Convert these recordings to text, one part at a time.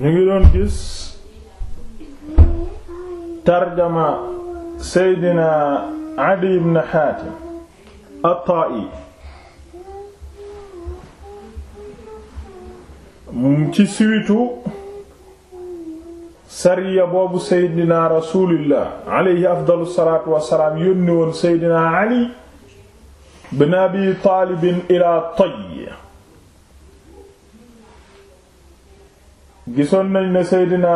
ñu ngi doon gis tarjama seydina Adi ibn Hatim at-Ta'i ci suitu sariya boobu seydina rasulillah alayhi afdalu salaatu wassalaam yónni woon seydina Ali ibn Abi Talib ila Tayy gisoon nañ ne Seydina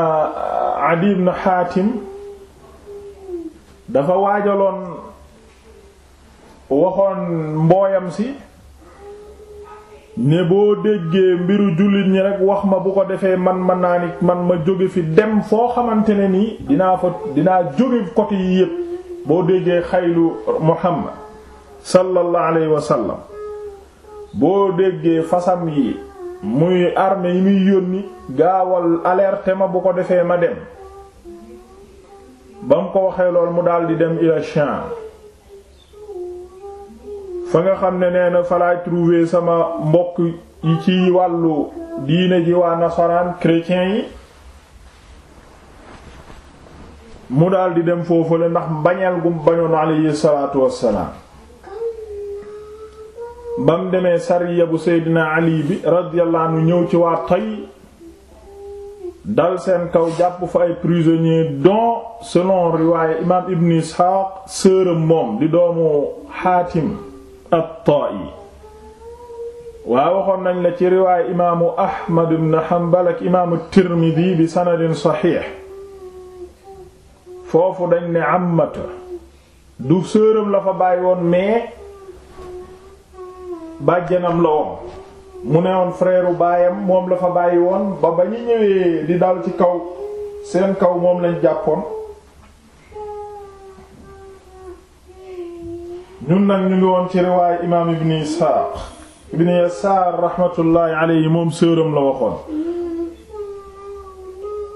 Adi ibn Xaatim dafa waajaloon waxoon mbooyam si ne boo déggee mbiru jullit ñi rekk wax ma bu ko defee man ma naa man ma jóge fi dem foo xamante ne nii dinaa fa dinaa jóge côté yi yépp boo déggee xaylu Muhammad sallallahu alayhi wa boo déggee fasam yi muy arme yi muy yónni gaawal alerte ma bu ko defee ma dem ba mu ko waxee lool mu daldi dem ila Sham fa nga xam ne nee na falaay trouver sama mbokk yi ci wàllu diine ji waa nasaraan chrétien yi mu daldi dem foofu la ndax mbañeel gum bañoon alayhi salaatu wassalaam ba mu demee sariya bu seydina ali bi radiyallahu ñëw ci waa Tay dal seen kaw jàpp fa ay prisonniers dont selon riwaaye imaam ibn isxaaq sëram moom di doomu xaatim at-Taa'i waa waxoon nañ la ci riwaaye imaamu ahmad ibn hanbal imaamu tirmidi bi sanadin saxiix foofu dañ ne àmmata du sëram la fa bàyyi woon mais bàjjanam la woon mu ne woon frère baayam moom la fa bàyyi woon ba ba ñu ñëwee di dal ci kaw seen kaw moom lañ jàppoon ñun nag ñu ngi woon ci riwaay imaam ibn Isaaq ibn Yasaar raxmatullaahi alayhi moom sëram la waxoon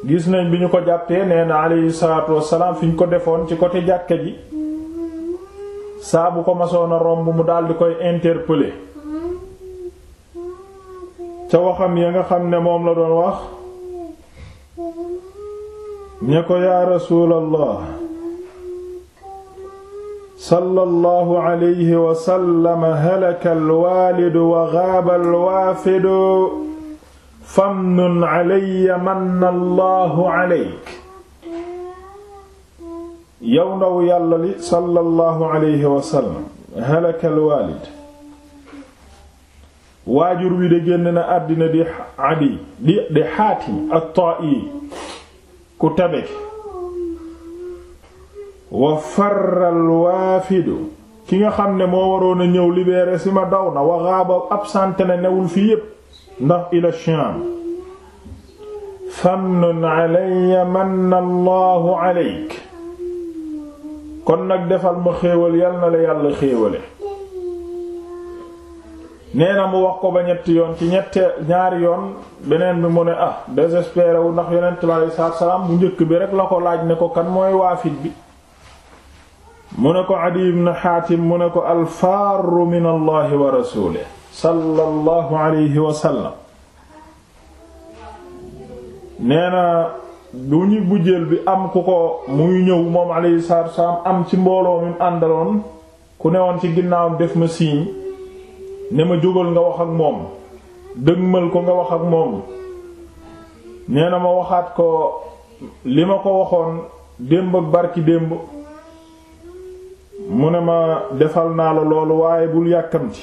gis nañ bi ñu ko jàppee nee na alayhi salaatu wassalaam fi ñu ko defoon ci côté jàkka ji saa bu ko masoon a romb mu daldi koy interpeller ca waxam ya nga xam ne moom la doon wax ñe ko yaa rasuulallah sallallahu alayhi wa sallam halaka alwaalidu wa gaaba alwaafidu famnun alayya manna allahu alayk yow ndaw yàlla li sallallahu alayhi wa sallam halaka alwaalid waajur wi de génn na àddina di adi di di xaatim ku tabe wa farral waafidu ki nga xam ne moo waroon a ñëw libéré si ma daw na wa ghaaba absente na newul fii yépp ndax ila Sham famnun alayya manna Allahu alayk kon nag defal ma xéewal yal na la yàlla xéewale nee na mu wax ko ba ñetti yoon ci ñette ñaari yoon beneen bi mu ne ah désespéré wu ndax yonent bi alayhi sa salaam bu njëkk bi rek la ko laaj ne ko kan mooy waafid bi mu ne ko Adi ibn Haatim mu ne ko alfaaru min allahi wa rasuulihi sallallahu alayhi wa sallam na du bi am ku ko muy ñëw moom alayhi salaatu am ci mbooloo mi àndaloon ku ne woon ci ginnaawam def ma siiñ ne ma jógal nga wax ak moom dëgmal ko nga wax ak moom nee na ma waxaat ko li ma ko waxoon démb ak barki démb mu ne ma defal naa la loolu waaye bul yàkkamti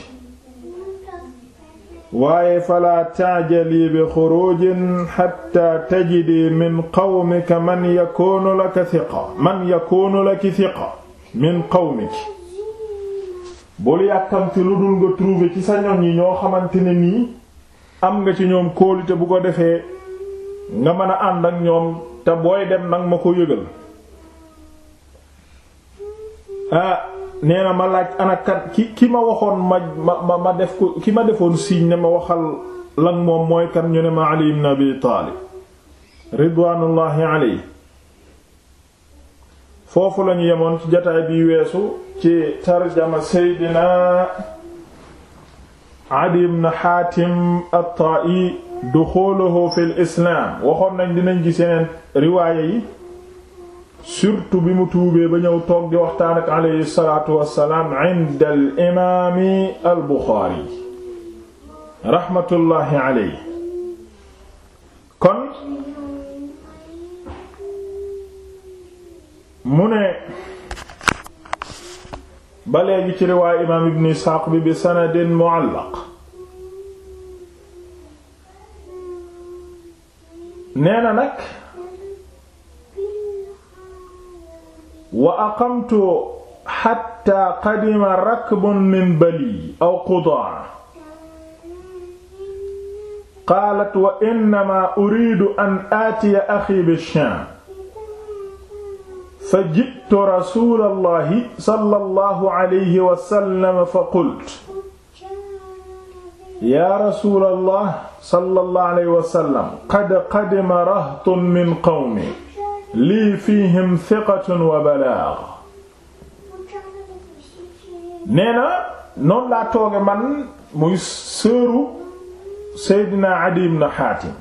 waaye falaa taajali bi xurujin xatta tajidi min qawmika man yakoonu laka thiqa man yakoonu laki thiqa min bul yàkkamti lu dul nga trouver ci sa ñoñ yi ñoo xamante ne nii am nga ci ñoom kóolute bu ko defee nga mën a ànd ak ñoom te booy dem nag ma ko yëgal ah nee na ma laaj anakat ki ma waxoon ma ma ma def ko ki ma defoon signe ne ma waxal lan moom mooy kan ñu ne ma Ali ibn Abi Taalib ridwaanullahi foofu lañu yemoon ci jataay bi weesu ci tarjama seydina Adi ibn Hatim at-Ta'i duxuuluhu fil islaam waxoon nañ dinañ gis yeneen riwaaya yi surtout bi mu tuubee ba ñëw toog di waxtaan ak alayhi salaatu wassalaam inda al imaami al Buxaari raxmatullaahi alayhi kon mu ne ba léegi ci riwaay imaam ibn Isxaaq bi bi sanadin mu'allaq nee na nag wa aqamtu xatta qadima rakbun min bali aw qudaa qaalat wa innama uridu an aatiya axi bi Shaam fa ji'tu rasuulallahi sallallahu alayhi wa sallam fa qultu yaa rasuulallah sallallahu alayhi wa sallam qad qadima rahtun min qawmi lii fiihim thiqatun wa balaag nee na noonu laa tooge man muy seeru Seydina Adi ibn Haatim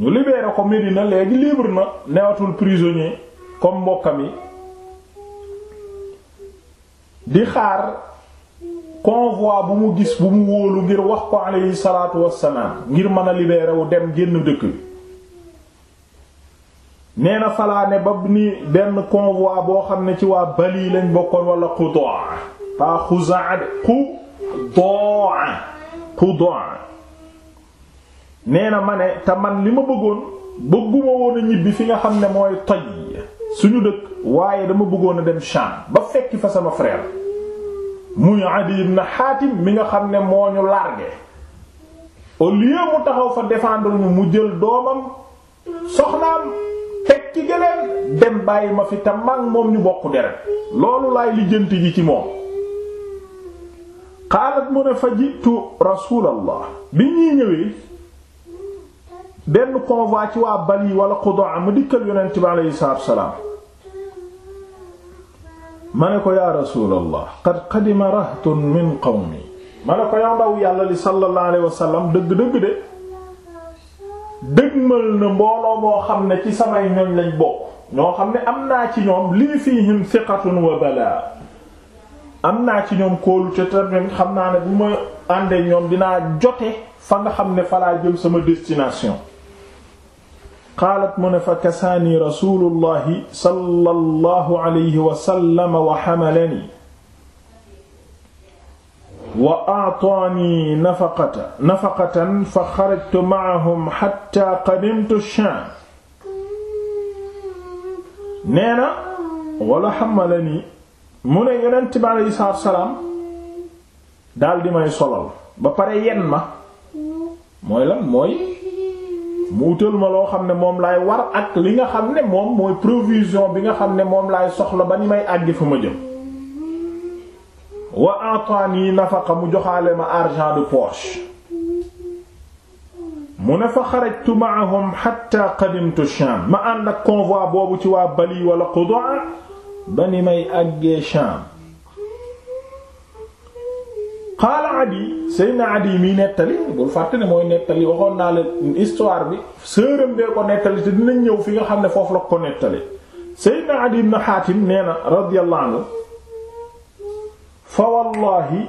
ñu libéré ko Medina léegi libre na newatul prisonnier comme mbokkam mi di xaar convoi bu mu gis bu mu wóolu ngir wax ko aleyhi salaatu wassalaam ngir mën a libéré wu dem génn dëkk bi nee na falaane ba ni benn convoi boo xam ne ci waa Bali lañ bokkoon wala Qudaa pa Xuzaa de Qudaa Qudaa ma ne te man li ma bëggoon bëgguma woon ñibbi fi nga xam ne mooy toj suñu dëkk waaye dama bëggoon a dem Sham ba fekki fa sama frère muy Adi na Hatim mi nga xam ne moo ñu largué au lieu mu taxaw fa défendre ñu mu jël doomam soxnaam teg ci gëleen dem bàyyi ma fi te moom ñu bokk deret loolu laay lijjanti yi ci moom xaalat mu ne fa jitu rasulallah bi ñuy ñëwee benn convoi ci waa Bali wala Qudaa mu dikkal yonent bi aleyhi salaatu wasalaam ma ne ko yaa rasuulallah qad qadima rahtun min qawmi ma ne ko yow ndaw yàlla li sallallahu alayhi wasallam dëgg dëgg de dëgmal na mbooloo moo xam ne ci samay ñoñ lañ bokk ñoo xam ne am naa ci ñoom lii fiihim thiqatun wa balaa am naa ci ñoom kóolu te tamit xam naa ne bu ma àndee ñoom dinaa jote fa nga xam ne falaa laa sama destination qaalat mu ne fa kasaani rasulullahi sallallahu alayhi wa sallam wa hamalani wa a'taani nafaqatan nafaqatan fa xarajtu ma'ahum hatta qadimtu Shaam nee na wala hamalani mu ne yonent bi alayhi salaatu salaam daal di may solal ba pare yen ma mooy lan mooy mu wutal ma loo xam ne moom laay war ak li nga xam ne moom mooy provision bi nga xam ne moom laay soxla ba ni may àgg fu ma jëm wa ataani nafaqa mu joxaale ma argent de poche mu ne fa xarajtu ma'ahum hatta qadimtu Sham ma ànd ak convoi boobu ci waa Bali wala Qudaa ba ni may àggee Sham xaala adi Seydina adi miy nettali bul fàtte ne mooy nettali waxoon naa leen histoire bi sëram bee ko nettali te dinañ ñëw fi nga xam ne foofu la ko nettali Seydina adi ibn Hatim nee na radiyallahu anhu fa wallahi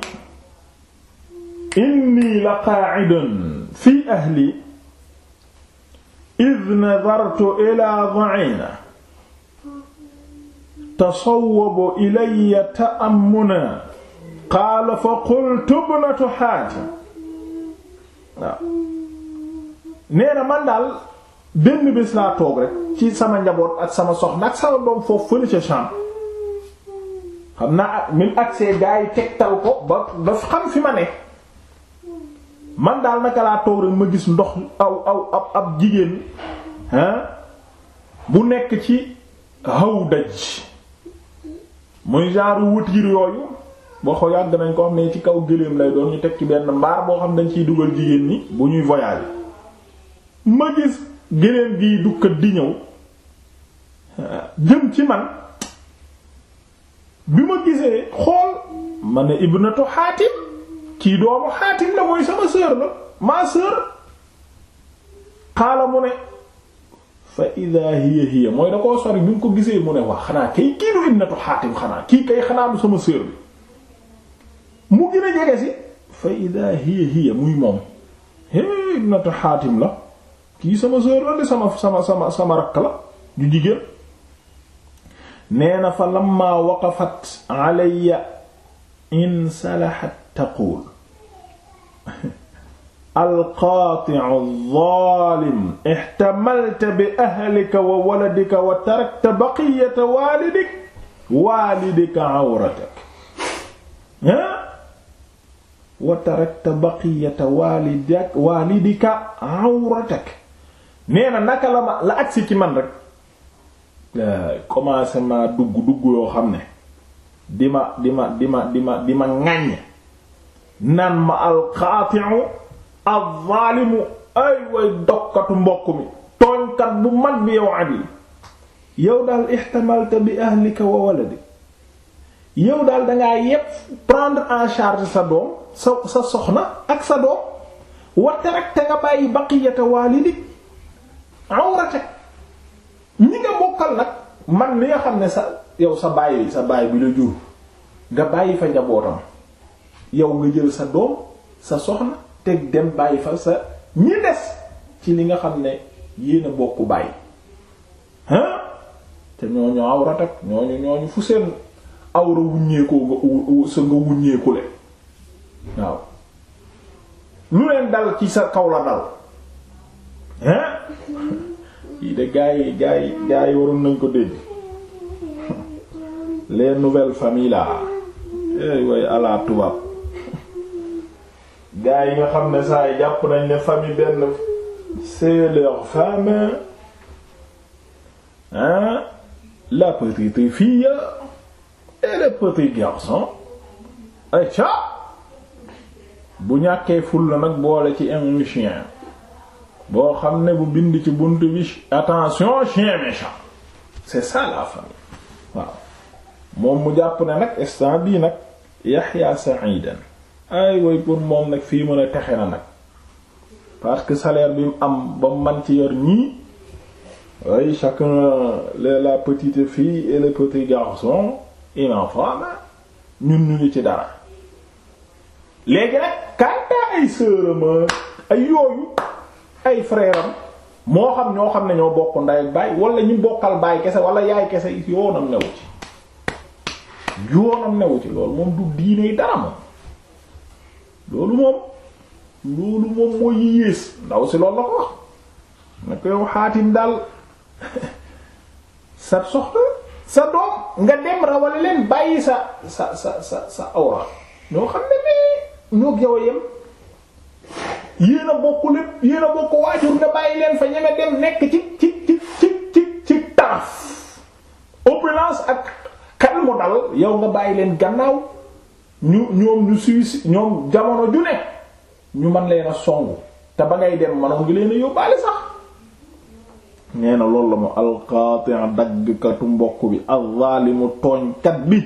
inni la qa'idun fi ahli id nadartu ila da'ina tasawwabu ilayya ta'ammuna qaala fa qultu ibnatu Haatim waaw nee na man daal benn bés laa toog rek ci sama njaboot ak sama soxna ak sama doom foofu fële ca chambre xam naa min accès gaa yi tegtal ko ba xam fi ma ne man daal naka laa toog rek ma gis ndox aw aw ab ab jigéen hein bu nekk ci hawdaj muy wut wutiir yooyu waxo yàgg nañ ko xam ne ci kaw gëléem lay doon ñu teg ci benn mbaar boo xam dañ ciy dugal jigéen ni bu ñuy voyage ma gis gëléem gi dukkat di ñëw jëm ci man bi ma gisee xool ma ne ibnatu xaatim kii doomu xaatim la mooy sama sœur la ma sœur xaala ne fa ida hiya hiya mooy da koo sori bi mu ko gisee mu ne wax xanaa kay kii du ibnatu xaatim xanaa kii kay xanaa du sama sœur bi mu gën a jege si fa ida hiya hiya muy moom é ibnatu xaatim la kii sama sœur la de sama sama sama sama rakk la ju jigéen nee na fa lamma waqafat alayya in salahat taqul alqaati'u zaalim ihtamalta bi ahlika wa waladika wa tarakta baqiyata waalidika waalidika awratak ha wa tarakta baqiyata walidak walidika awratak nee naka la ma la agsi ci man rek eh, commencé ma dugg dugg yoo xam ne di ma di ma di ma di ma di naan ma alxaatiu alzaalimu ay way dokkatu mbokk mi tooñkat bu mag bi yow abi yow daal ixtamalta bi ahlika wa waladik yow daal dangaa yépp prendre en charge sa doom sa sa soxna ak sa doom wa tarakta nga bàyyi baqiyata waalidik awratak ñi nga bokkal nag man li nga xam ne sa yow sa bàyyi sa baay bi la jur nga bàyyi fa njabootam yow nga jël sa doom sa soxna teg dem bàyyi fa sa ñi des ci li nga xam ne yéen a bokk bàyyi ah te ñooñu awratak ñooñu ñooñu fu seen awra wuññeekoo nga sa nga waaw lu leen ci sa kaw la dal hein yi de gaa yi gaa yi gaa yi waroon nañ ko dégg les nouvelles familles là eh way ala tubaab gaa yi nga xam ne saa yi jàpp nañ ne famille benn c'est leur femme hein la petite fille et le petit garçon et ça bu ñàkkee fulla nag boole ci un chien boo xam ne bu bind ci bunt bi attention chien méchant c'est ça la famille waaw moom mu jàpp na nag instant bii nag Yahya Sa'idan ay way pour moom nag fii mën a texe na nag parce que salaire bi mu am ba mu man ci yor chaque ay chacun la petite fii et le petit garçon il en femme ñun ñu ngi ci dara léegi nag ay sërama ay yooyu ay frère moo xam ñoo xam ne ñoo bokk nday ak baay wala ñu bokkal baay kese wala yaay kese yoonam newu ci yoonam newu ci loolu moom du diine dara moom loolu moom loolu moom moo yées ndaw si lool la ko wax na ko yow xaatim daal sa soxla sa doom nga dem rawale leen bàyyi sa sa sa sa sa ñoo xam ne nii ñoo yow yem yéen a bokk lépp yéen a bokk waajur nga bàyyi leen fa ñeme dem nekk ci ci ci ci ci ci ak kan dal yow nga bàyyi leen gannaaw ñu ñoom ñu suis ñoom jamono ju ne ñu man leen a songu te ba ngay dem manoon ngi leen yóbbaale sax nee na loolu la mu alqaati' daggkatu mbokk bi az-zalimu tooñkat bi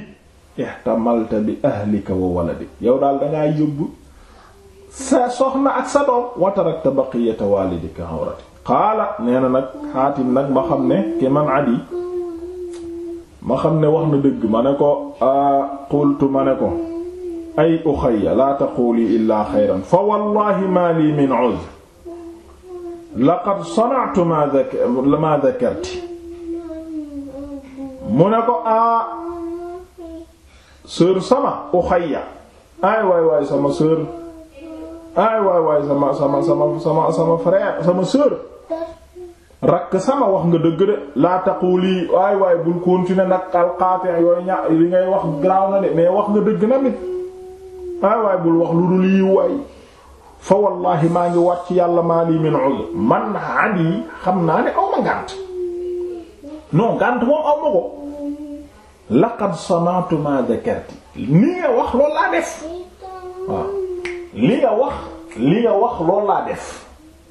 ihtamalta bi ahlika wa waladik yow daal dangaa yóbbu sa soxna ak sa doom wa tarakta baqiyata walidika awrati qaala nee na nag xaatim nag ma xam ne ki man adi ma xam ne wax na dëgg ma ne ko qultu ma ne ko ay uxayya laa taquli illaa xayran fa wallahi ma li min uzr laqad sana'tu ma dhakarti mu ne ko a sœur sama uxayya ay waay waay sama sœur ay waay waay sama sama sama sama sama sama sœur rakk sama wax nga dëgg de laa taquli waay waay bul continuer nag alqaati yooyu ña li ngay wax garaaw na de mais wax nga dëgg na nit waay bul wax lu dul yiw waay fa wallahi maa ngi wat ci yàlla maa lii min ud man an yi xam naa ne aw ma ngànt non ngànt moom aw ma ko laqad sana'tu ma dhakarti nii nga wax loolu laa def waaw li nga wax li nga wax loolu laa def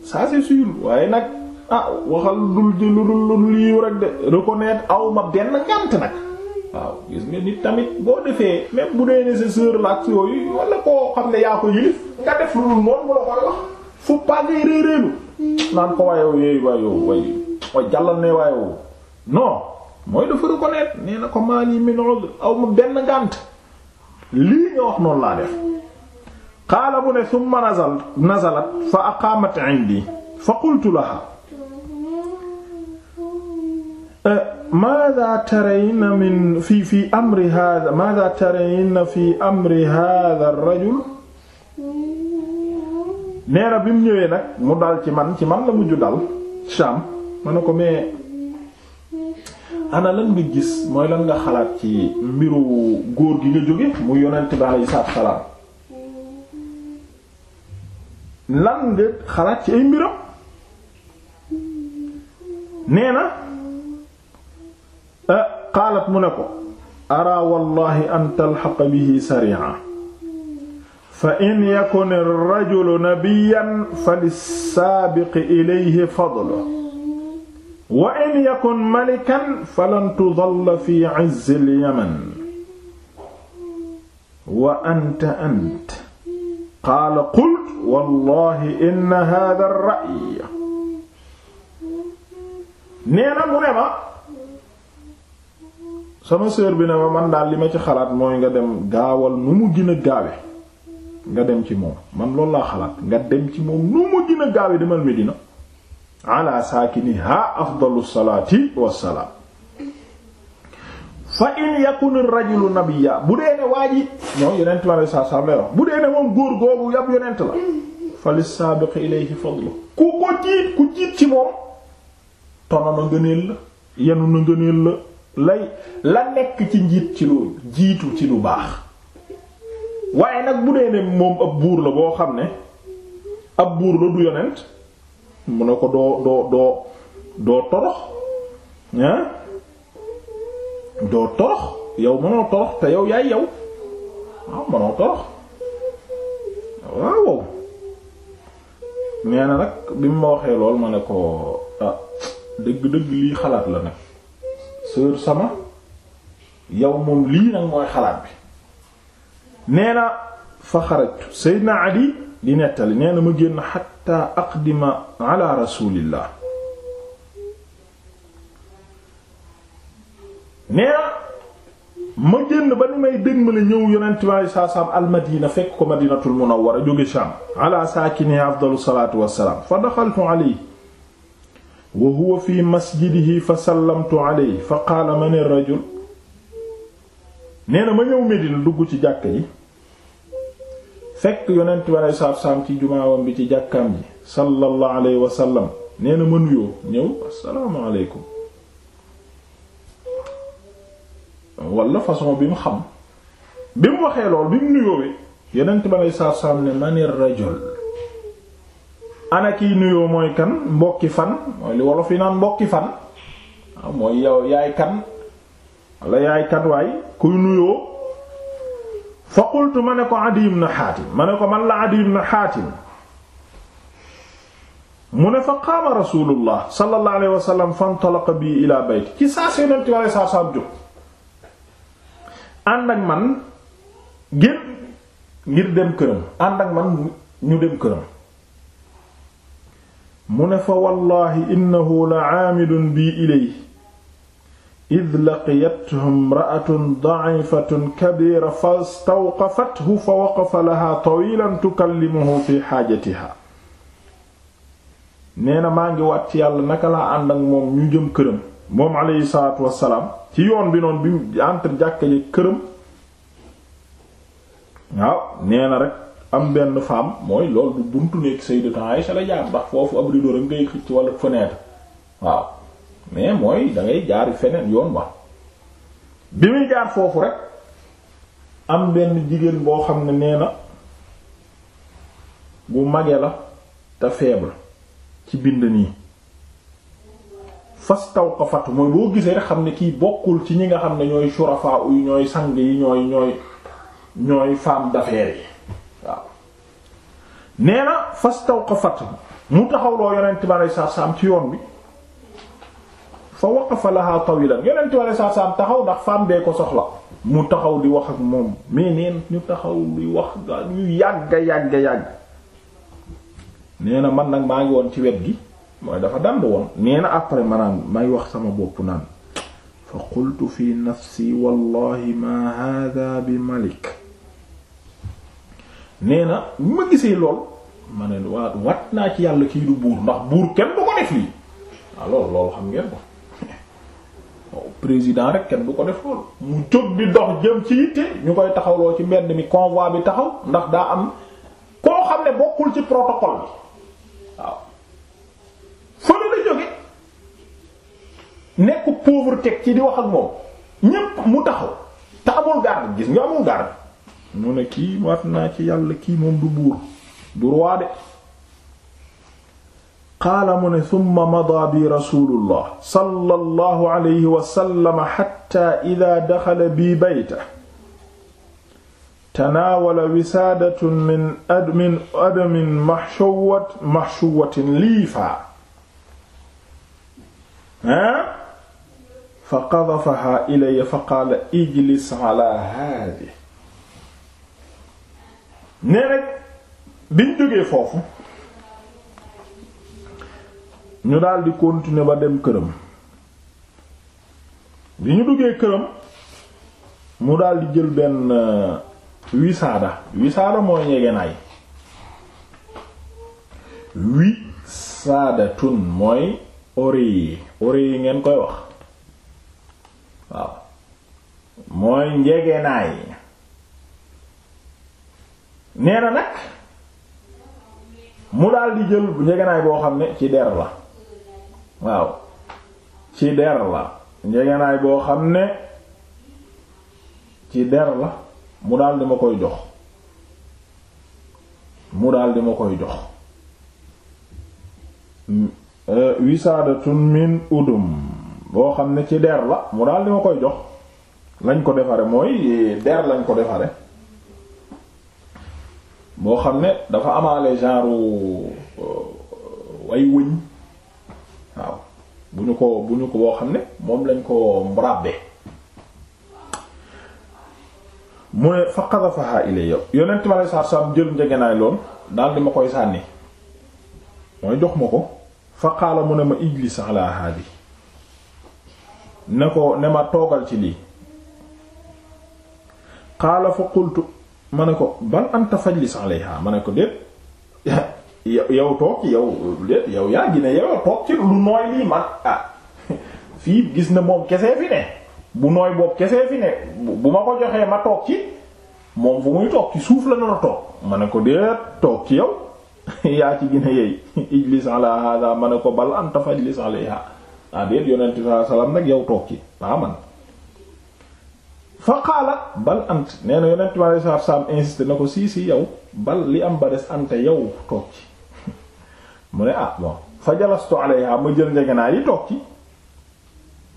ça c'est sûr waaye nag ah waxal dul ji lu dul lu lii rek de reconnaître aw ma benn ngànt nag waaw gis nga nit tamit boo defee même bu dee ne sa sœur la xam ne yaa ko yilif nga def lu dul noonu mu la ko wax mooy dafa reconnaître nee na ko maali min udr aw ma benn ngànt lii nga wax noonu laa def qaala mu ne summa nazal nazalat fa aqaamat indi fa qultu laha eh, maada tarayna min fi fi amri hada maada tarayna fi amri hada ar-rajul neera bi mu ñëwee nag mu dal ci man ci man la mujju dal Sham ma ne ko mais ana lan nga gis mooy lan nga xalaat ci mbiru góor gi nga jóge mu yonent bi alayhi salaam lan nga xalaat ci ay mbiram nee na eh, qaalat mu ne ko ara wallahi an talxaqa bihi sari'a fa in yakun ar-rajulu nabiyyan falis-saabiqi ilayhi fadluhu wa in yakun malikan falan tudalla fi izzi al-yaman wa anta ant qaala qul wallahi inna hadha ar-ra'y nee na mu ne ma sama sœur bi ne ma man daal li ma ci xalaat mooy nga dem gaawal nu mu gën a gaawe nga dem ci moom man loolu laa xalaat nga dem ci moom nu mu gën a gaawe demal Medina ala saakini ha afdalu salaati wassalaam fa in yakun ar-rajulu nabiyya bu dee ne waa ji non yonent la saa saa lay bu dee ne moom góor googu yab yonent la fa lis-saabiqi ilayhi fadlu ku ko jiit ku jiit ci moom tono na ngëneel la yenu na ngëneel la la nekk ci njiit ci lu jiitu ci lu baax waaye nag bu dee ne moom ab buur la boo xam ne ab buur la du yonent mu ne ko doo doo doo doo torox doo torox yow mënoo torox te yow yaay yow waaw ah, mënoo torox waaw nee na nag bi ma waxee lool ma ne ko ah, dëgg-dëgg lii xalaat la nag sœur sama yow moom lii nag mooy xalaat bi nee na fa xarajtu Seydina Adi di nettali nee na ma génn xatta aqdima ala rasulillah nee ma génn ba ni may dégmale ñëw yonent bi saa almadina fekk ko madinatul munawwara jóge Sham ala saakini afdalu salaatu wassalaam fa daxaltu alayhi wa huwa fi masjidihi fa sallamtu alayhi fa qaala man ar-rajul nee na ma ñëw Medina dugg ci jàkka yi fekk yonent bi saa saam ci jumaawam bi ci jàkkaam ji sallallahu alayhi wa sallam nee na ma nuyoo ñëw assalaamu alaykum wala façon bi mu xam bi mu waxee lool bi mu nuyoowee yenent ba lay saaf saam ne manir rajul ana kiy nuyoo mooy kan mbokki fan mooy li wolof yi naan mbokki fan waaw ah, mooy yow yaay kan wala yaay kan waay kuy nuyoo fa qultu ma ne ko Adi ibn Hatim ma ne ko man la Adi ibn Hatim mu ne fa qaama rasulullah sallallahu alayhi wa sallam fantalaqa bi ila bayti ci saa seenanti wala saa saam jóg ànd ak man ngir ngir dem këram ànd ak man ñu dem këram mu ne fa wallaahi innahu la aamilun bii ilay id laqiyatuhum imra'atun da'ifatun kabira fastawqafathu fa waqafa laha tawilan tukallimuhu fi xaajatiha nee na maa ngi wàcc yàlla naka laa ànd ak moom ñu jëm këram moom aleyhi salaatu wassalaam ci yoon bi noonu bi entre jàkka ji këram waaw nee na rek am benn femme mooy loolu du buntu nekk Sayyidatu Aisha la jaar ndax foofu ab rideau ngay xëcc walla fenêtre waaw mais mooy da ngay jaar feneen yoon ba bi muy jaar foofu rek am benn jigéen boo xam ne nee na bu mage la te faible ci bind nii fastawqafat mooy boo gisee rek xam ne kii bokkul ci ñi nga xam ne ñooy shurafa uy ñooy sang yi ñooy ñooy ñooy femme d'affaires yi waaw taw na fatt mu taxaw loo yonent bi alei satu ci yoon bi fa waqafa laha tawilan yonent bi alei satu salaam taxaw ndax femme bee ko soxla mu taxaw di wax ak moom mais neen ñu taxaw di wax ga ñu yàgga yàgga yàgg nee na man nag maa ngi woon ci wet gi mooy dafa dand woon nee na après maanaam may wax sama bopp naan fa qultu fi nafsi wallahi ma hada bi malik nee na bu ma gisee lool ma ne waa wat naa ci yàlla kii du buur ndax buur kenn du ko def lii alors loolu xam ngeen ko président rek kenn du ko def loolu mu jóg di dox jëm ci yitte ñu koy taxawloo ci mbedd mi convoi bi taxaw ndax daa am koo xam ne bokkul ci protocole bi waaw nekk pauvre teg di wax moom ñépp mu taxaw te amul garde gis nga amul garde mu ne kii waat naa ci yàlla kii moom du buur du roi de qaala mu ne thumma mada bi rasulullah sallallahu alayhi wa sallam hatta idha dakhala bi baytahu tanaawala wisaadatun min admin liifa ha fa qadafaha ilayya fa qaala ijlis ala haadi nee nag biñ jógee foofu ñu daldi continuer ba dem këram bi ñu duggee këram mu daldi jël benn wisaada euh, wisaada mooy ñegenaay wi saadatun mooy oreiller yi oreiller yi ngeen koy wax waaw mooy njegeenaay nee na nag mu daal di jël njegeenaay boo xam ne ci der la waaw ci der la njegeenaay boo xam ne ci der la mu daal di ma koy jox mu daal di ma koy jox mm, euh, wisaadatun min udum boo xam ne ci der la mu daal di ma koy jox lañ ko defare mooy der lañ ko defare boo xam ne dafa amaale genre euh, way wëñ waaw bu ñu ko bu ñu ko boo xam ne moom lañ ko mbrabbe mu ne fa qadafaha ilayya yonent ma lay saar saam jël njegenaay lool daal di ma koy sànni mooy jox ma ko fa qaala mu ne ma ijlis ala hadi ne ko ne ma toogal ci lii xaala fa qultu ma ne ko bal anta fajlis alayha ma ne ko déet yow toog ci yow déet yow yaa gi ne toog ci lu nooy lii man ah fii gis na moom kese fi ne bu nooy boobu kese fi ne bu ma ko joxee ma toog ci moom fu muy toog ci suuf la noonu toog ma ne ko déet toog ci yow yaa ci gina yeey ijlis ala hada ma ne ko bal anta fajlis alayha ah déet yonent bi sallallahu alayhi yow toog ci ah man fa qaala bal ant nee na yonent bi sallallahu alayhi wasallam insisté na ko sii si yow bal li am ba des ante yow toog mu ne ah bon fa jalastu alayha ma jël njeganaa yi toog ci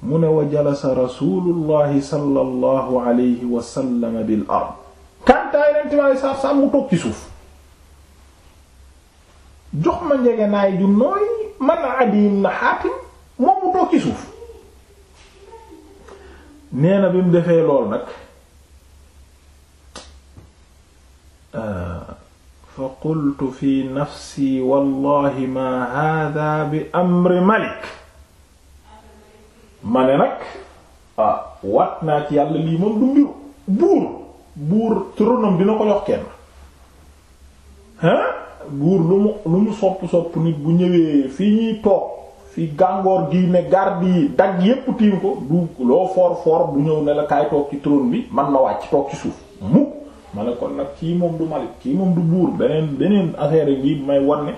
mu ne wa jalasa rasulullahi sallallahu alayhi wa sallam bil ard kantaa yonent bi sallallahu alayhi wasallam mu toog suuf jox ma njegenaay ju nooy man adim na xaatim moom mu toog ci suuf nee bi mu defee lool nag euh, fa qultu fi nafsi wallahi ma hada bi amri malik ma ne nag ah, wat naa ci yàlla lii moom du mbiru buur buur turonam dina ko jox kenn buur lu mu lu mu sopp sopp nit bu ñëwee fii ñuy toog fi gàngoor gi ne garde yi dagg yépp tiim ko du loo foor foor du ñëw ne la kaay toog ci trône bi man na wàcc toog ci suuf mukk ma ne kon nag kii moom du malik kii moom du buur beneen beneen affaire yi may wanne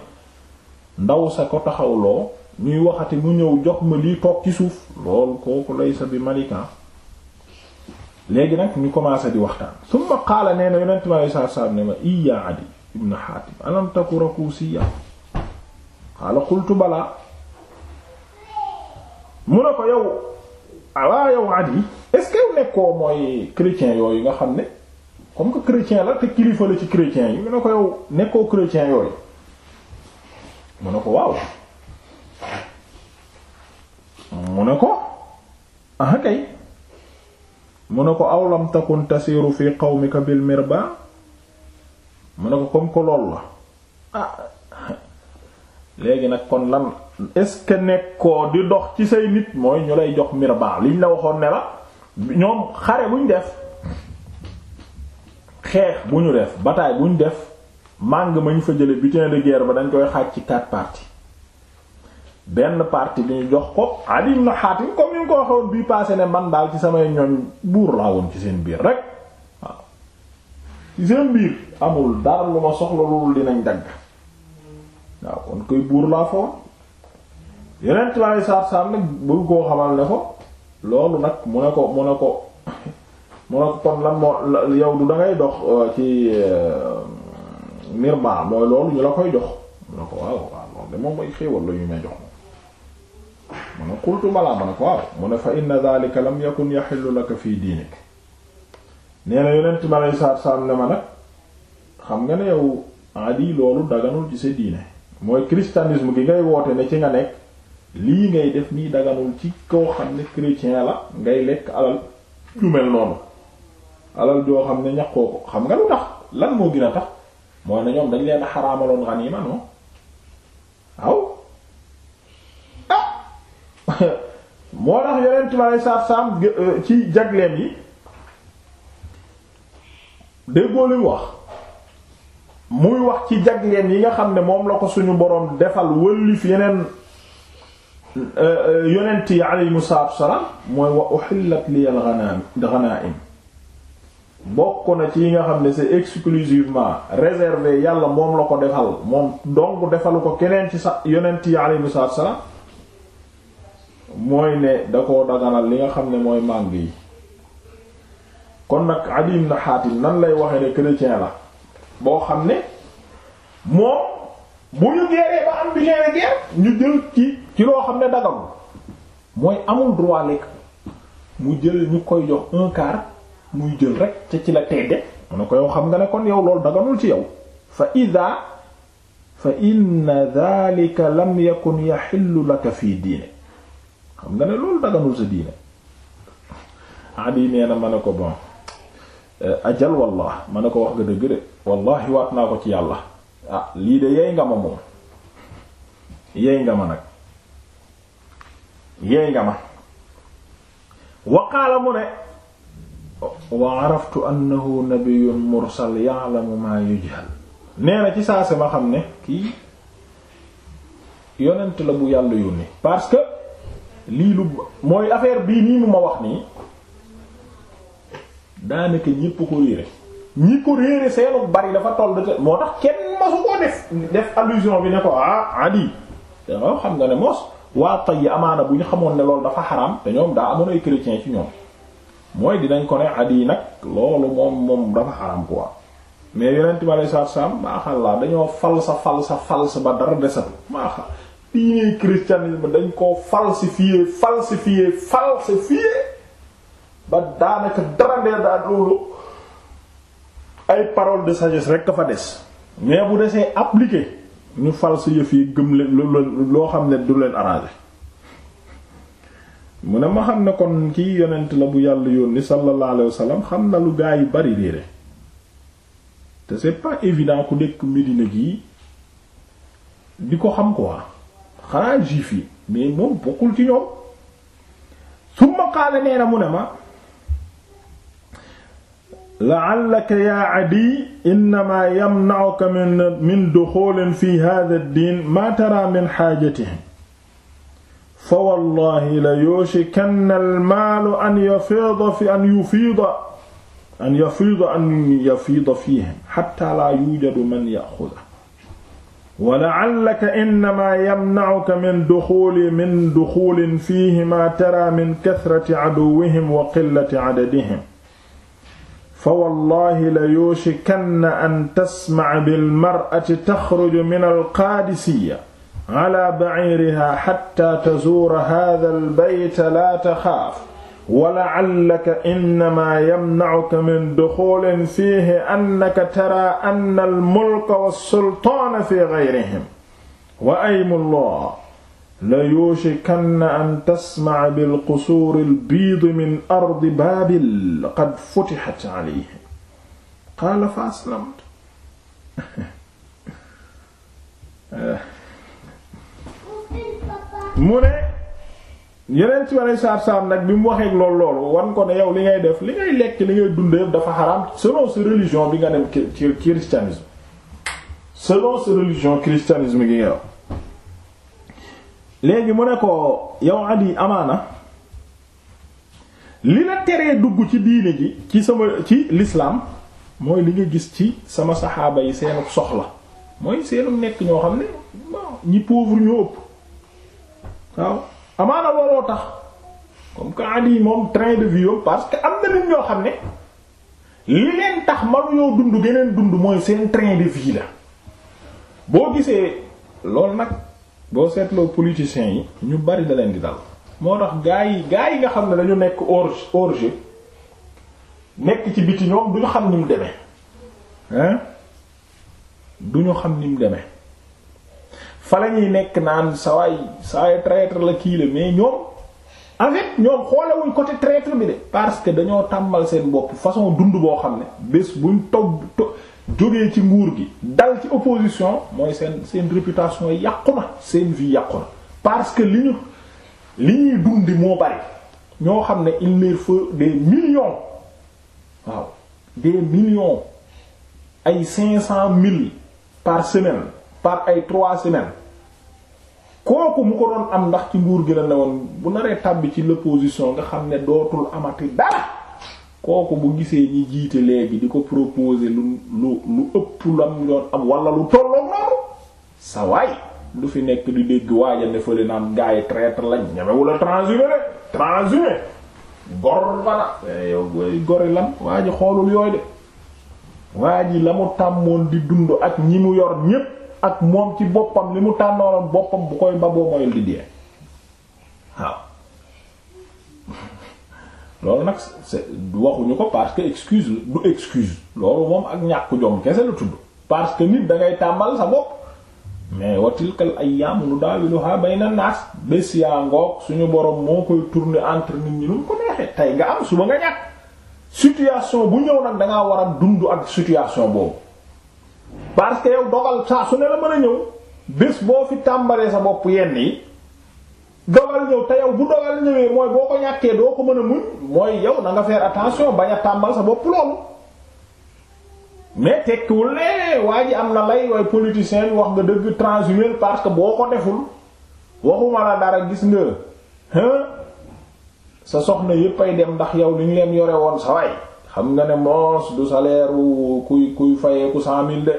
ndaw sa ko taxawloo ñuy waxati mu ñëw jox ma lii toog ci suuf lool kooku lay sa bi malikan ah. léegi nag ñu commencé di waxtaan summa qaala nee na yonent ma saa saa ne ma iya adi ibn hatim alam taku rakusiya qaala qultu balaa mu ne ko yow waa yow Adi est-ce que yow nekkoo mooy chrétien yooyu nga xam ne comme que chrétien la te kilifa la ci chrétien yi mu ne ko yow nekkoo chrétien yooyu mu ne ko waaw mu ne ko aha kay mu ne ko aw lam takun tasiru fi qawmika bil mirba mu ne ko comme que lool la ah léegi nag kon lan est-ce que nekkoo di dox ci say nit mooy ñu lay jox mirba liñ la waxoon ne la ñoom xare buñ def xeex bu ñu def bataille bu ñu def màng ma ñu fa jële butin de guerre ba dañ koy xaaj ci quatre parties benn partie bi ñu jox ko Ali ibn Hatim comme ñu ko waxoon bii paase ne man daal ci samay ñoñ buur laa woon ci seen biir rek waaw ci seen biir amul dara lu ma soxla loolu dinañ dagg waaw kon koy buur laa foon yeneen tubaab yi saabsaab nag bëgg koo xamal ne ko loolu nag mu ne ko mu ne ko mu ne ko kon lan moo yow du dangay dox euh, ci euh, mirma mooy loolu ñu la koy jox mu ne ko waaw waaw loolu de moom mooy xéewal la ñu may jox moom. mu ne qultu balaa ma ne ko waaw mu ne fa inna dhalika lam yakun yahillu laka fi diinik nee na yeneen tubaab yi saabsaab ne ma nag xam nga ne yow adi loolu daganul ci sa diine mooy christianisme gi ngay woote ne ci nga nekk. lii ngay def nii daganul ci koo xam ne chrétien la ngay lekk alal ju noonu alal joo xam ne ñaqoo ko xam nga lu tax lan moo gën a tax mooy na ñoom dañ leen xaraamaloon ganiima noonu waaw ah moo tax yeneen tubaab saar saam ci jagleen yi déggoo lim wax muy wax ci jagleem yi nga xam ne moom la ko suñu boroom defal wëllif yeneen Euh, euh, yonent yi aleyhimu salaatu wassalaam mooy wa uhillat liyal ghanaa'im bokk na ci yi nga xam ne c'est exclusivement réservé yàlla moom la ko defal moom donc defalu ko keneen ci sa yonent yi aleyhimu salaatu wassalaam mooy ne da koo daganal li nga xam ne mooy màng yi kon nag Adi ibn Hatim nan lay waxee ne chrétien la boo xam ne moom bu ñu geeree ba am bi ñeene geer jël ci ci loo xam ne dagalul mooy amul droit lekk mu jël ñu koy jox un quart muy jël rek ca ci la tedde mu ne ko yow xam nga ne kon yow loolu daganul ci yow fa ida fa inna dhalika lam yakun yaxillu laka fii ma ne ko bon eh, ajal wallah ma ne ko wax nga dëgg de wallahi waat naa ko ci yàlla ah lii de yey nga ma moom yey nga ma nag yeey nga ma waqaala mu ne wa araftu annahu nabiyyun mursal ya'lamu ma yujhal nee na ci saa si ma xam ne kii yonent la bu yàlla yónni parce que lii lu mooy affaire bii nii mu ma wax nii daanaka ñépp ko réere ñi ko réere seenu bari dafa toll de moo tax kenn masu koo def def allusion bi ne ko ah adi danga xam nga ne mos waa tayyi amaana bu ñu xamoon ne loolu dafa xaraam te ñoom daa amoon ay chrétien ci ñoom mooy dinañ ko ne adi nag loolu moom moom dafa xaraam quoi mais yonent bi alei satu salaam maaxallaa dañoo falsa falsa falsa ba dara desatu maaxa diine christianisme dañ koo falsifié falsifié falsifié ba daanaka dara ndee daa loolu ay parole de sagesse rek dafa des mais bu desee appliqué ñu fal sa yëf yi gëm leen loo xam ne du leen arrangé mu ne ma xam ne kon kii yonent la bu yàlla yónni sallallahu alayhi wasallam xam na lu gaa yi bari léere te c'est pas évident ku nekk Medina gii di ko xam quoi xanaa juif yi mais moom bokkul ci ñoom suma xaale nee na mu ne ma la'allaka yaa adi innamaa yamna'uka min min duxuulin fi haadha diin maa taraa min xaajatihim fa wallaahi la yuushikanna almaalu an yafiida fi an yufiida an yafiida an yafiida fiihim xattaa laa yuujadu man ya'xudahu wa la'allaka innamaa yamna'uka min duxuuli min duxuulin fiihi maa taraa min kasrati aduwwihim wa qillati adadihim fa wallahi la yuushikanna an tasmaca bilmar'ati taxruju min alqaadisiya ala baciiriha xatta tazuura haada albayta laa taxaaf wa lacallaka innamaa yamnacuka min duxuulin fiihi annaka taraa anna almulka wassultaana fi gayrihim wa aymu llah la yuushikanna an tasma'a bil qusuuri al biid min ardi baabil qad futixat alayhi qaala fa aslamtu mu ne yeneen ci nag bi mu waxee lool loolu wan ko ne yow li ngay def li ngay lekk li ngay dund yëpp dafa xaraam selon sa religion bi nga dem ci christianisme selon sa religion christianisme gi nga léegi mu ne ko yow adi amaana li la teree dugg ci diine gi ci sama ci lislaam mooy li nga gis ci sama saxaaba yi seenu soxla mooy seenu nekk ñoo xam ne ñi pauvre ñoo ëpp waaw amaana looloo tax comme que adi moom train de vie parce que am na nit ñoo xam ne li leen tax manuñoo dund geneen dund mooy seen train de vie la boo gisee loolu nag boo seetloo politiciens yi ñu bari da leen di dal moo tax gaa yi gaa yi nga xam ne dañu nekk orge hors nekk ci biti ñoom duñu xam ni deme demee hein duñu xam ni deme demee fa nekk naan sawaay sawaay traître la kii la mais ñoom en fait ñoom xoolewuñ côté traître bi de parce que dañoo tàmbal seen bopp façon dund boo xam ne bés buñ togg to jóge ci nguur gi dal ci opposition mooy seen seen réputation yàqu na seen vie yàqu na parce que li ñu li ñuy dundi moo bari ñoo xam ne il leur faut des millions waaw des millions ay cinq cent mille par semaine par ay trois semaines kooku mu ko doon am ndax ci nguur gi la ne woon bu naree tàbbi ci l'opposition nga xam ne dootul amati dara kooku bu gisee ñi jiite léegi di ko proposer lu lu ëpp lam yoon am wala lu tolloo noonu sa waay du fi nekk di dégg waaja ne fële naan gars yi traître lañ ñemewula transhumé rek transhumé gor bana eh, yow gori lan waa ji xoolul yooyu de waa ji la mu tàmmoon di dund ak ñi mu yor ñépp ak moom ci boppam li mu tànnoonoon boppam bu koy baboo moyal di dee waaw loolu nag c'est waxuñu ko parce que excuse du excuse loolu moom ak ñàkk jom kese lu tudd parce que nit da ngay tàmbal sa bopp mais ay wa tilkal ayyaamu nudaawiluhaa bayna naas bés yaa ngoog suñu borom moo koy tourner entre nit ñi lu mu ko neexee tey nga am suba nga ñàkk situation bu ñëw nag da ngaa war a dund ak situation boobu parce que yow dogal saa su ne la mën a ñëw bés boo fi tàmbalee sa bopp yenn yi. dogal ñëw te yow bu dogal ñëwee mooy boo ko ñàkkee doo ko mën a muñ mooy yow na nga faire attention bañ a tàmbal sa bopp loolu mais tekkiwul ne waa ji am na lay waaye politicien bi wax nga dëgg transhumé parce que boo ko neful waxuma la dara gis nga sa soxna yépp ay dem ndax yow li ñu leen yore woon sa waay xam nga ne moos du salaire kuy kuy fayeeku cent mille de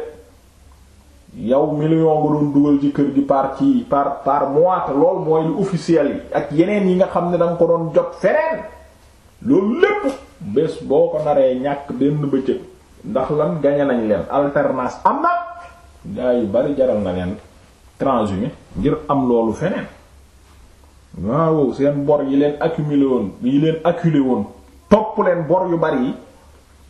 yow million nga doon dugal ci kër gi par ci par par mois te lool mooy lu officiel yi ak yeneen yi nga xam ne da ko doon jot feneen loolu lépp bés boo ko naree ñàkk benn bëccëg ndax lan gañe nañ leen alternance am na gaa yu bari jaral na leen transhumé ngir am loolu feneen waaw seen bor yi leen accumulé woon yi leen acculé woon topp leen bor yu bari yi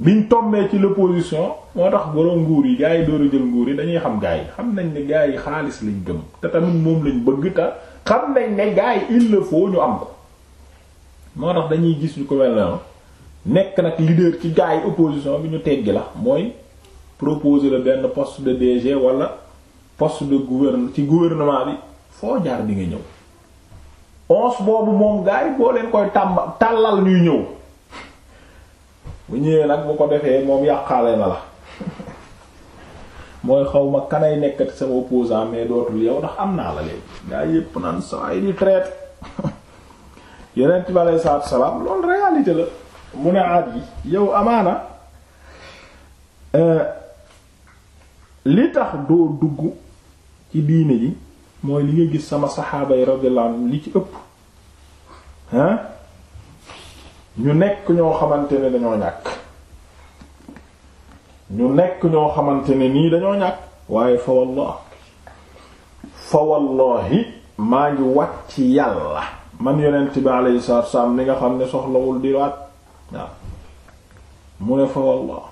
biñ tombee ci l'opposition moo tax borom nguur yi gars yi door a jël nguur yi dañuy xam gars yi xam nañ ne gars yi xaalis lañ gëm te tamit moom lañ bëgg ta xam nañ ne gaa yi il le ñu am ko moo tax dañuy gis ñu ko mel na nekk nag leader ci gars yi opposition bi ñu teggi la mooy proposer le benn post de DG walla post de gouverne ci gouvernement bi foo jaar di nga ñëw. onze boobu moom gars yi boo leen koy tàmba tàllal ñuy ñëw. bu ñëwee nag bu ko defee moom yàqaale na la mooy xaw ma kanay nekkati sama opposant mais dootul yow ndax am naa la léegi ngaa yépp naan saa yi di traite yonent bi aleyhi salaatu salaam loolu réalité la mu ne aat yi yow amaana euh, li tax doo dugg ci diine yi mooy li nga gis sama saxaaba yi radiyallahu anhum li ci ëpp ah ñu nekk ñoo xamante ne dañoo ñàkk ñu nekk ñoo xamante ne nii dañoo ñàkk waaye fa wallah fa wallahi maa ngi wat ci yàlla man yonent bi alayhi salaatu wassalaam ni nga xam ne soxlawul di waat waaw mu ne fa wallah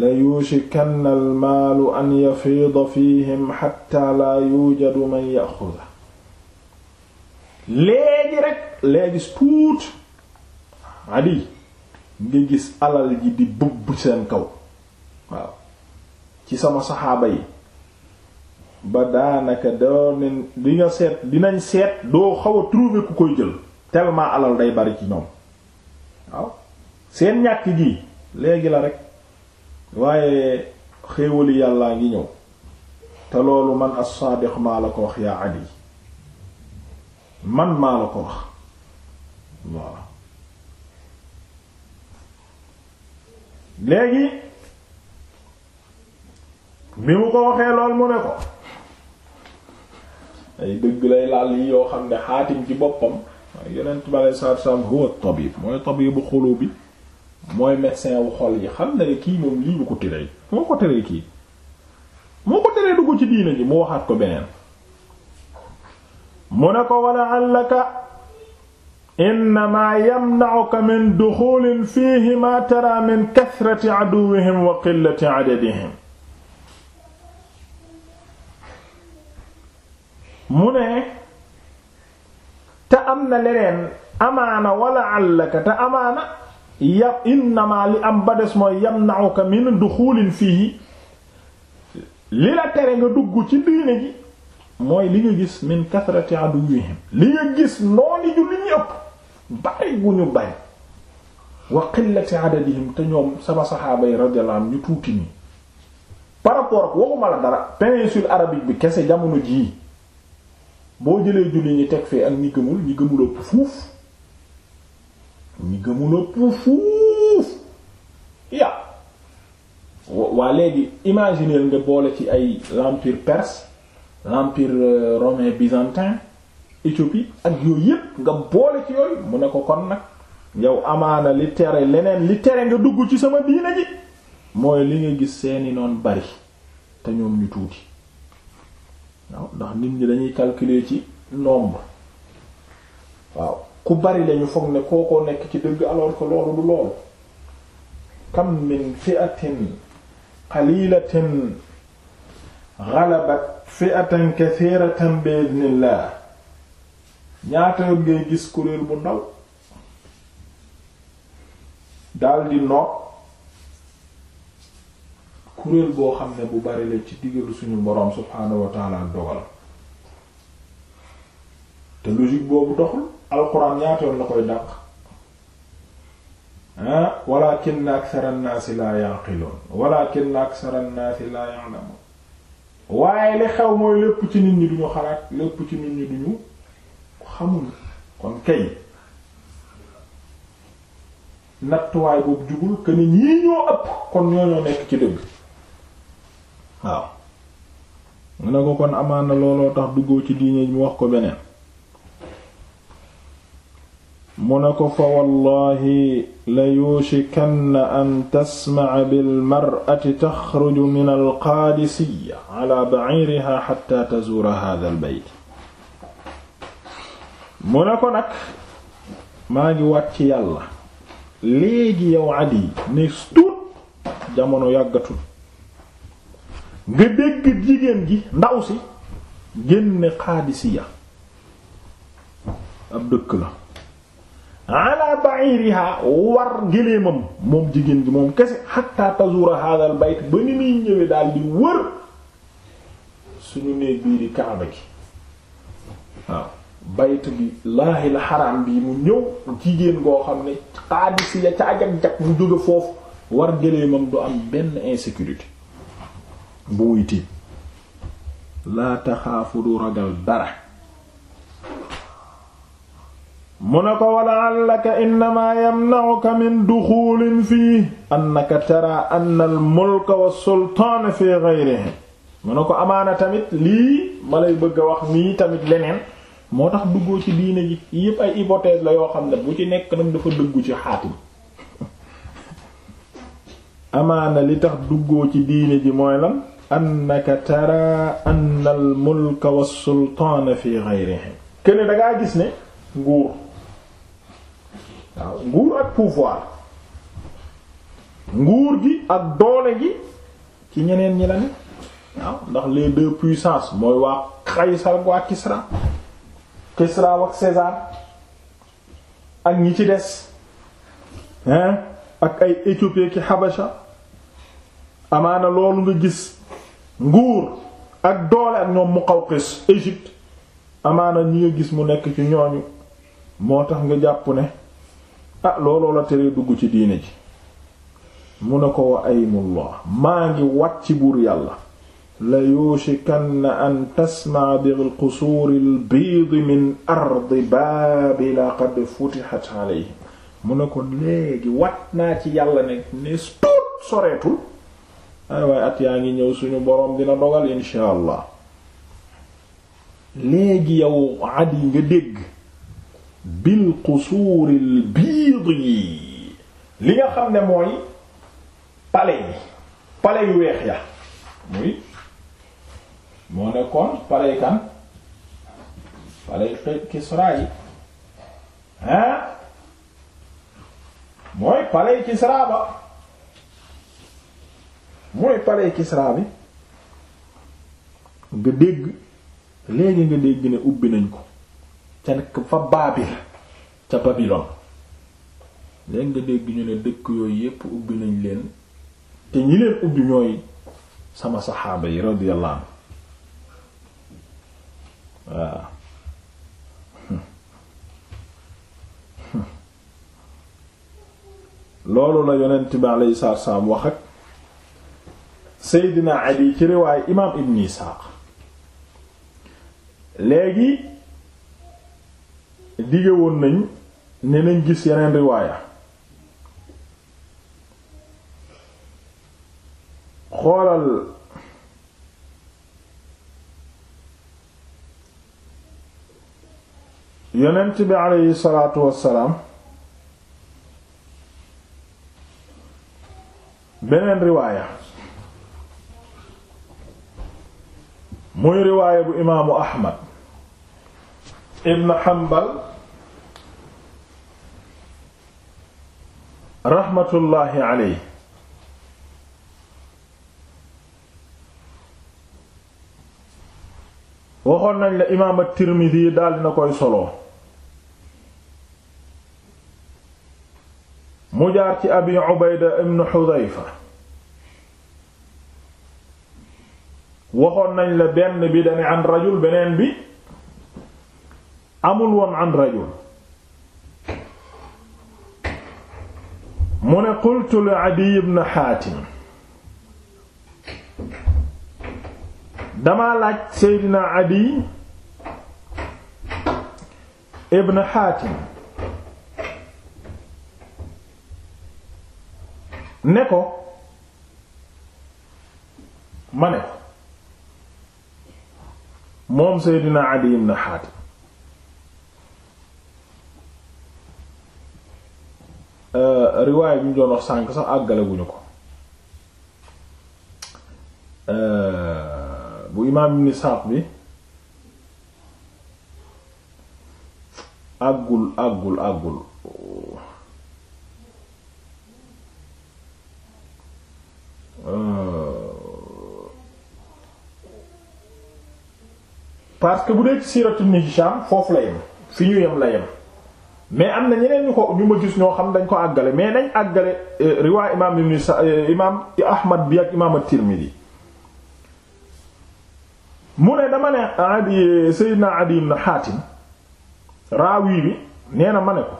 la yushikanna al an yafiida fihim hatta la yujadu man yaxuda léegi rek léegi tuut adi nga gis alal ji di bubb seen kaw waaw ci sama saxaaba yi ba daanaka doo ne di nga seet dinañ seet doo xaw a trouver ku koy jël tellement alal day bari ci ñoom waaw seen ñàkk gi léegi la rek waaye xéewali yàllaa ngi ñëw te loolu man as maa la ko wax yaa adi man maa la ko wax waaw léegi bi mu ko waxee lool mu ne ko ay dëgg lay laal yi yoo xam ne xaatim ci boppam waaye yonent bi alei salatu salaam huwa tabib mooy tabibu xulu bi mooy médecin wu xol yi xam ne kii moom lii ñu ko teree moo ko teree kii moo ko teree dugg ci diina ji mu waxaat ko beneen mu ne ko wala àllaka innamaa yamna'uka min duxulin fiihi maa tara min kasrati aduwwihim wa qillati adadihim mu ne te am na leneen amaana wala àllaka te amaana ya innamaa li am ba des yamna'uka min duxulin fiihi li nga dugg ci diine ji mooy li nga gis min kathrati aduwihim li nga gis noonu ju li ñu ëpp bari gu ñu bari wa qillati adadihim te ñoom sama saxaaba yi radiyallahu anhum ñu tuuti nii par rapport ak waxuma la dara péninsule arabique bi kese jamono jii boo jëlee julli ñi teg fee ak ñi gëmul ñi gëmul ëpp fuuf ñi gëmul ëpp fuuf ya waa léegi imaginer nga boole ci ay l'empire perse l'empire euh, romain byzantin Éthiopie ak yooyu yépp nga boole ci yooyu mu ne ko kon nag yow amaana li tere leneen li tere nga dugg ci sama diina ji mooy li nga gis seeni noon bari te ñoom ñu tuuti waaw ndax nit ñi dañuy calculer ci nombre waaw ku bari lañu foog ne kookoo nekk ci dëgg alors que loolu du loolu kam min fi'atin qalilatin ghalabat fi'atan kathiratan bi idnillah ñaata yoon ngay gis kuréel bu ndaw daldi noot kuréel boo xam ne bu bari la ci digalu suñu boroom subhaanahu wa ta'ala dogal te logique boobu doxul alxuraan ñaata yoon la koy dàq ah walakinna akthara an-naasi laa ya'qiluun walakinna akthara an-naasi laa ya'lamuun waaye li xew mooy lépp ci nit ñi duñu xalaat lépp ci nit ñi duñu xamul kon kay nattuwaay boobu jugul que ni ñii ñoo ëpp kon ñoo ñoo nekk ci dëgg waaw. mu na ko kon amaana looloo tax duggoo ci diine mu wax ko beneen. mu ko fa wallahi la yuushikanna an tasmaca bilmar'ati taxruju min alqaadisiya ala baciiriha xatta tazuura hada albeyt mu ne ko nag maa ngi wàcc yàlla léegi Adi ne tuut jamono yàggatul nga dégg jigéen gi ndaw si génne qaadisiya ab dëkk la ala ba'iriha war géléemam moom jigéen gi moom kese hatta tazura hadha al ba ni muy ñëwee daal di wër suñu néeg bii di kaaba gi waaw bayt bi laahil xaram bi mu ñëw jigéen goo xam ne xaadisi ya ca ajak-jak mu jóge foofu war géléemam du am benn insécurité bu wuy laa taxaafu du ragal dara mu ne ko wala'allaka innamaa yamna'uka min duxuulin fii annaka tara anna al-mulka was-sultaana fii mu ne ko amaana tamit lii ma lay bëgg a wax nii tamit leneen moo tax duggoo ci diine ji yépp ay hypothèse la yoo xam ne bu ci nekk nag dafa dëggu ci xaatim amaana li tax duggoo ci diine ji mooy lan annaka tara anna al mulka wa sultaana fi gayrihim kene dangaa gis ne nguur waaw nguur ak pouvoir nguur gi ak doole gi ci ñeneen ñi la ne waaw ndax les deux puissances mooy waa Qaysar ak waa Kisra Kisra ak César ak ñi ci des hein ak ay Éthiopie ki Habasha amaana loolu nga gis nguur ak doole ak ñoom Muqawqis Égypte amaana ñi nga gis mu nekk ci ñooñu moo tax nga jàpp ne ah looloo la teree dugg ci diine ji mu ne ko wa aymullah maa ngi ci buur yàlla la yuushikanna an tasmaa bil qusuuri al biid min ardi baabila qad futixat alayhi mu ne ko léegi wat naa ci yàlla ne nees tuut soreetul ay waaye at yaa ngi ñëw suñu boroom dina dogal inshaa allah léegi yow ad nga dégg bil qusuuril biid yi li nga xam ne mooy pale yi palais yu weex ya muy moo nekkoon palais kan palais Kisra yi hein mooy palais Kisra ba mooy palais Kisra bi nga dégg léegi nga dégg ne ubbi nañ ko ca nekk fa baabil ca Babylone léegi nga dégg ñu ne dëkk yooyu yépp ubbi nañ leen te ñi leen ubbi ñooy sama saxaaba yi radiyallahu anhu waaw loolu la yonent bi alayhi imaam Ibn Isaaq léegi dige woon nañ ne nañ gis yeneen riwaaya xoolal yonent bi aleyhi salaatu wassalaam beneen riwaaya muy riwaaya bu imaamu Ahmad ibn Hanbal raxmatullaahi aleyhi waxoon nañ la imaam at-Tirmidhi daal dina koy solo mu jaar ci abi Ubayda ibn Xudayfa waxoon nañ la benn bi dane an rajul beneen bi amul woon an rajul mu ne qultu li Adiy ibn Xaatim damaa laaj Seydina Adiy ibn Xaatim ne ko ma ne ko moom Seydina Adiy ibn Xaatim Euh, riwaay bi ñu doon wax sànk sax àggale wu ñu ko euh, bu imaam ibn Isaaq bi àggul àggul àggul euh, parce que bu dee ci siiratu Ibn Hisham foofu la yem fi ñu yem la yem mais am na ñeneen ñu ko ñu ma gis ñoo xam dañ ko àggale mais nañ àggale euh, riwaa imaam ibn euh, imaam ahmad bi ak imaam at-Tirmidhi mu ne dama ne adi euh, sayyidina adi ibn Hatim raawi bi nee na ma ne ko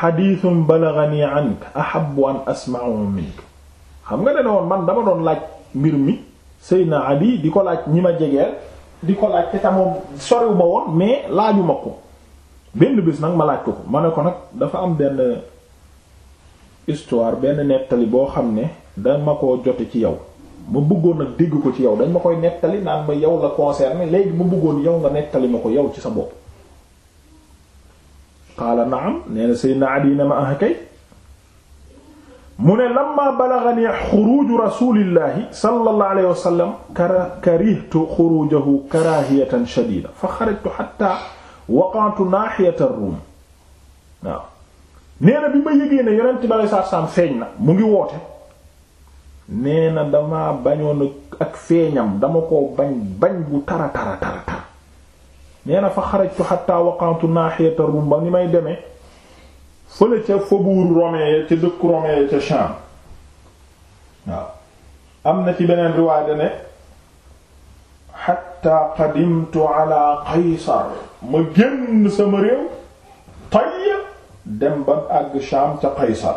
xadiisun balaghani anka ahabbu an asma'u minka xam nga dene woon man dama doon laaj mbir mi sayyidina adi di ko laaj ñi ma jegeel di ko laaj te moom soriw ma woon mais laaju ma ko benn bés nag ma laaj ko ko ma ne ko nag dafa am benn histoire benn nettali boo xam ne da ma ko jote ci yow ma bëggoon nag dégg ko ci yow dañ ma koy nettali naan ma yow la concerné léegi ma bëggoon yow nga nettali ma ko yow ci sa bopp qaala naam nee na Seydina Adi ne ma ah kay mu ne lamma balagani xuruju rasulillahi sallallahu alayhi wa karihtu xurujahu karahiyatan shadida fa xarajtu xatta waqantu naaxiyata ruum waaw nee bi ma yëgee ne yonent bi feeñ na mu ngi woote nee na dama bañoon ak feeñam dama ko bañ bañ bu tara tara tara tara nee fa xarajtu xatta waqantu naaxiyata ruum ba ni may demee fële ca faubourg romain ya ca dëkku romain ya ca Sham waaw am na ci beneen riwaay da ne xatta qadimtu ala qaysar ma génn sama réew tay dem ba àgg Sham ca qaysar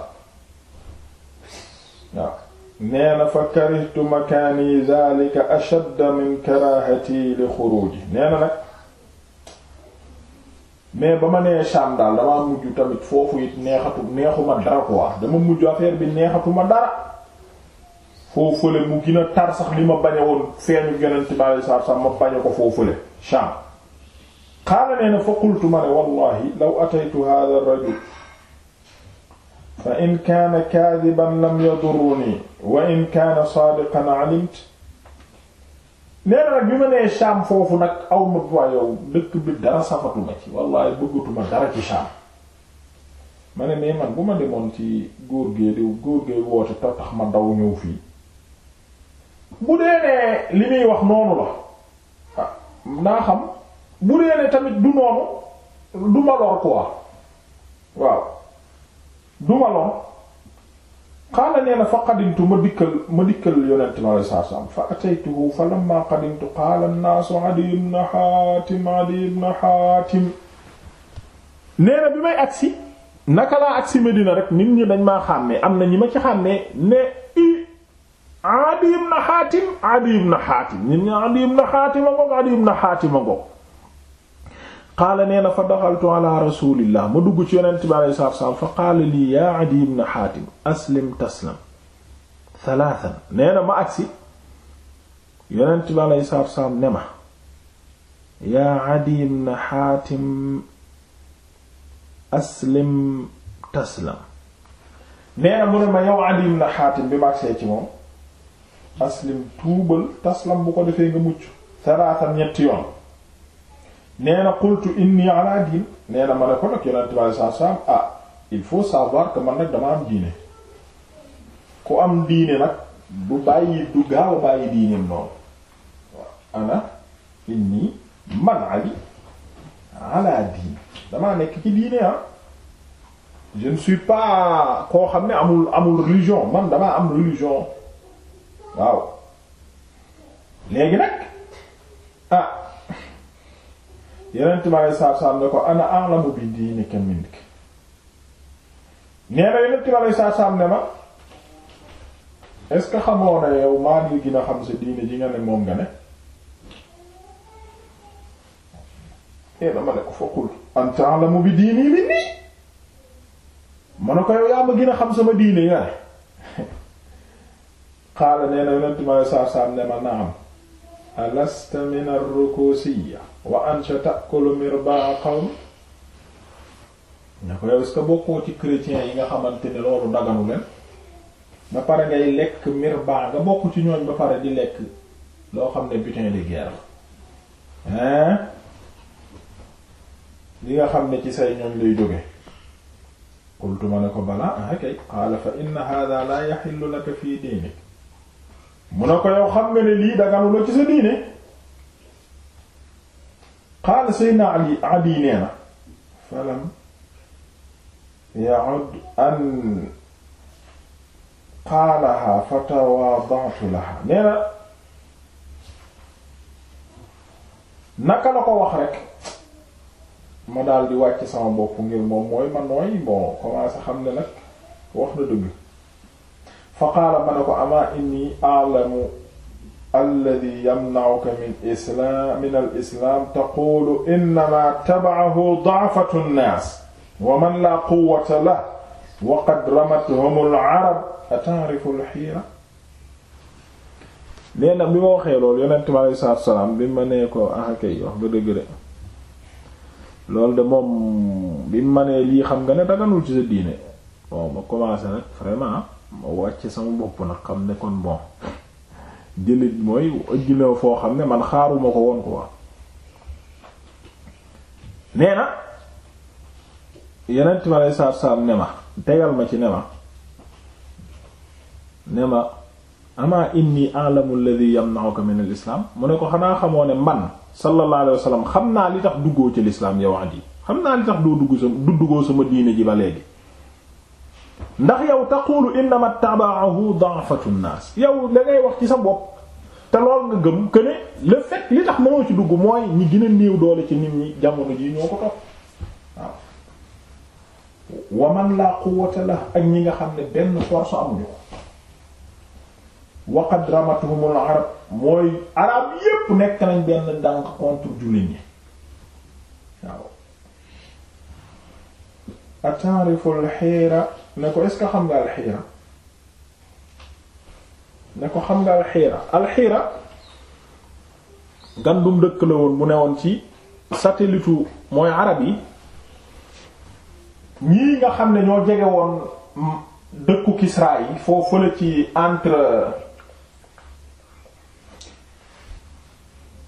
waaw nee na fa karihtu makaani zalika ashadda min karahati li xuruji nee na nag mais ba ma nee Sham daal damaa mujj tamit foofu it neexatu neexuma dara quoi dama mujj affaire bi neexatuma dara foo fële mu gën tar sax li ma bañe woon feeñu genanti bale sax sax ma bañe ko foofu fële Sham xaala nee na fa qultu ma ne wallahi law ataytu hadha rajul fa in kaana kaadiban lam yadurruni wa in kaana saadiqan alimtu nee nag bi ma nee Sham foofu nag aw ma waa yow dëkk bi dara safatu ci wallaay bëggatuma dara ci Sham ma ne mais man bu ma demoon ci góor gee di góor gee woote tax ma daw ñëw fii bu dee ne li muy wax noonu la ah, naa xam bu dee ne tamit du noonu du ma lor quoi waaw du ma xaala nee na fa qadimtu ma dikkal ma dikkal yonente mi alei sat u selaam fa ataytuhu fa lamma qadimtu qaala nnaasu Adiy ibn Haatim Adiy ibn Haatim nee na bi may agsi naka laa agsi Medina rek nit ñi dañ maa xàmmee am na ñi ma ci xàmmee ne i Adiy ibn Haatim Adiy ibn Haatim nit ñi Adiy ibn Haatim a ngoog Adiy ibn Haatim a ngoog qaala nee na fa daxaltu ala rasulillah ma dugg ci yonent bi alayhi salaatu salaam fa qaala lii yaa Adiy ibn Xaatim aslim taslam thalathan nee na ma agsi yonent bi alayhi salaatu ne ma yaa Adiy ibn Xaatim aslim taslam nee na ne ma yow Adiy ibn Xaatim bi ma agsee ci moom aslim tuubal taslam bu ko defee nga mucc thalathan ñetti yoon nee na qultu inni ala diin nee na ma ne ko nag yonent bi saa saam ah il faut savoir que man nag dama am diine ku am diine nag du bàyyi du gaaw a bàyyi noonu ana inni man ali ala diin damaa nekk ci diine ah je ne pas koo xam ne amul amul religion man damaa am religion waaw léegi nag ah, yeneen time alay saab ne ko ana a'lamu bi diinika mink nee na yeneen time alay saab ne ma est-ce que xamoo ne a xam moom nga ne xam sama diine ne xaala wa anta ta'kulu mirba'a qawm ne ko yow est-ce que bokkoo ci chrétiens yi nga xamante ne loolu daganu leen ba pare ngay lekk mirba nga bokk ci ñooñ ba pare di lekk loo xam ne butin de guerre hein li nga xam ne ci say ñooñ lay jóge qultu ne ko balaa ah kay qaala fa inna hadha la yaxillu laka fi diinik mu ne ko yow xam ne lii daganu ci sa diine qaala seydna ali adi nee na falam yaud an qaalaha fatawaadatu laha nee na naka la ko wax rek ma daal di wàcc sama bopp ngir moom mooy ma nooy bon commencé xam ne nag wax na dëgg fa qaala ma ne ko ama inni alamu alladi yamna'uka min islaam min al islaam taqulu innama taba'ahu da'fatu nnaas wa man laa quwwata lahu wa qad ramathum al arab ata'rifu al hiira nee na bi ma waxee loolu yonent mi alayhi salaatu salaam bi ma nee ko ah kay wax nga dëgg de loolu de moom bi ma nee lii xam nga ne daganul ci sa diine bon ma commencé nag vraiment ma wàcc sama bopp nag xam ne kon bon. jële mooy ëjjina foo xam ne man xaaruma ko woon ko wax nee na yeneen ma lay saar saar ne ma tegal ma ci ne ma ne ma ama inni a'lamu alladhi yamna'uka min al-islam mu ne ko xanaa xamoo ne man sallallahu alayhi wa xam naa li tax duggoo ci lislaam yow at yi xam naa li tax doo dugg sa du duggoo sama diine ji ba léegi ndax yow taqulu innama tabaahu da'fatu nnaas yow da ngay wax ci sa bopp te lool nga gëm que ne le li tax mënoo ci dugg mooy ñi gën a néew doole ci nit ñi jamono ji ñoo ko topp waaw wa man laa quwwata la ak ñi nga xam ne benn force amuñu ko wa qad ramatuhumul mooy arab yépp nekk nañ benn dànk contre jullit ñi waaw ata'rifu al-hira ne ko est-ce xam nga alxiira ne ko xam nga alxiira alxiira gandum dëkk la woon bu ne woon ci satellitu mooy arab yi ñii nga xam ne ñoo jege woon dëkku Kisra yi foo fële ci entre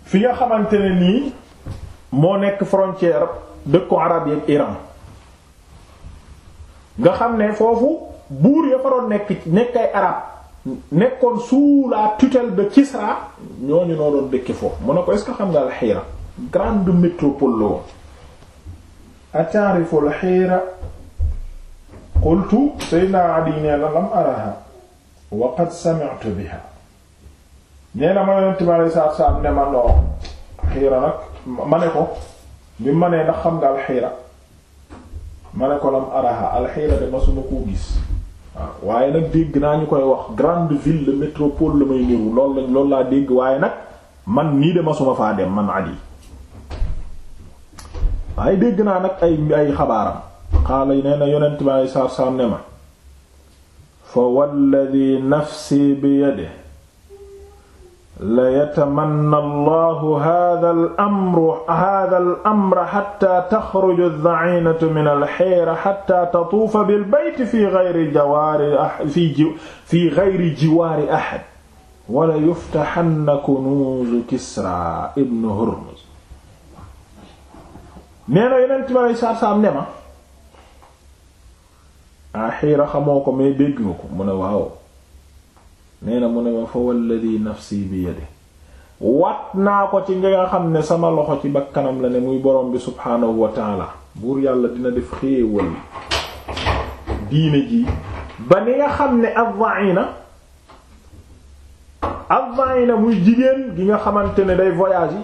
fi nga xamante ne nii moo nekk frontière dëkku arab yi Iran nga xam ne foofu buur ya fa doon nekk nekk arab nekkoon sous la tutelle de Kisra ñooñu noo doon dëkke foofu mu ne ko est xam nga alxiira grande métropole la woon atarifu alxiira qultu sayyidina Adi nee na lam araha wa qad sami'tu biha nee na ma yonent bi alei saatu salaam ne ma noo xiira nag ma ne ko bi ma nee ndax xam nga alxiira ma ne ko lam araha alxiira masuma koo gis waaw waaye nag dégg naa ñu koy wax grande ville le métropole la may niru lool la loolu laa dégg waaye nag man nii de masuma faa dem man ali waaye dégg naa nag ay ay xabaaram xaala nee na yonent bi alei saatu salaam ne ma fa walladi nafsi bi yadihi la yatamanna allahu haadhal amru haadhal amra xataa taxruju ad-da'iinatu min al-hiira xataa tatuufa bil bayti fi xayri jawaari ah, fi fi xayri jiwaari axad wala yuftaxanna kunuuzu Kisra ibn Hurmuz. nee na yeneen tubaab yi saa saa ne ma. ah xiira xamoo ko mais dégg nga ko mu ne waaw. nee na mu ne ma fa walladi nafsi bi yadi wat naa ko ci nga xam ne sama loxo ci bakkanam la ne muy borom bi subhaanahu wa taala buur yàlla dina def xéewal diine ji ba ni nga xam ne addaina addaina muy jigéen gi nga xamante ne day voyage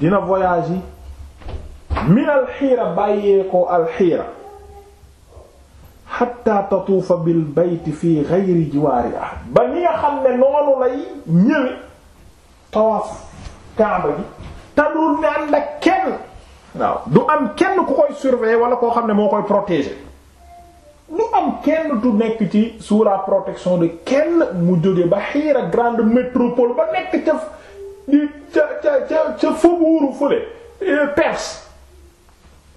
dina voyage yi min alxiira bàyyeekoo alxiira xatta tatuufa bil bayti fi geyri jiwaari ahad xam ne noonu lay ñëwe tawaaf kaaba gi te du naan la kenn waaw du am kenn ku koy surveiller wala koo xam ne moo koy protéger du am kenn du nekk ci sous la protection de kenn mu jóge ba xiira grande métropole ba nekk ca di ca ca ca ca faubourg fële euh, Perse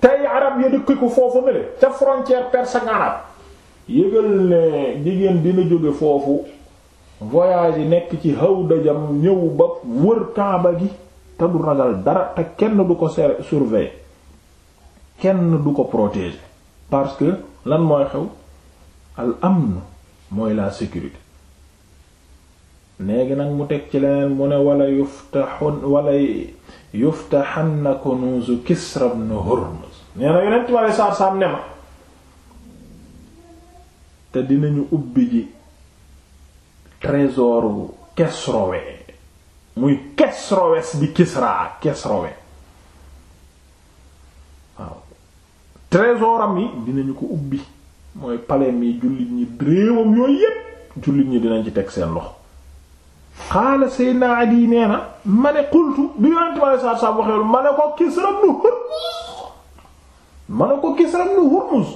tey arab ya dëkk ko foofu mele ca frontière perse ak arab yëgal ne jigéen dina jóge foofu voyage yi nekk ci hawdajam ñëw ba wër kaaba gi te du ragal dara te kenn du ko surveiller kenn du ko protéger parce que lan mooy xew al amn mooy la sécurité léegi nag mu teg ci leneen mu ne wala yuftaxun wala yuftaxanna kunuuzu Kisra ibn Hurmuz nee na yonent wala saar saam ne ma te dinañu ubbi ji trésoru Kesrowe muy Kesrowes di Kisra Kesrowe waaw trésoram yi dinañu ko ubbi mooy paleem yi jullit ñi réewam yooyu yépp jullit ñi dinañ ci teg seen lox xaala Seydina Adi nee na ma ne qultu bi yonent ma ne ma ne ko Kisra ibn Hurmuz ma ne ko Kisra ibn Hurmuz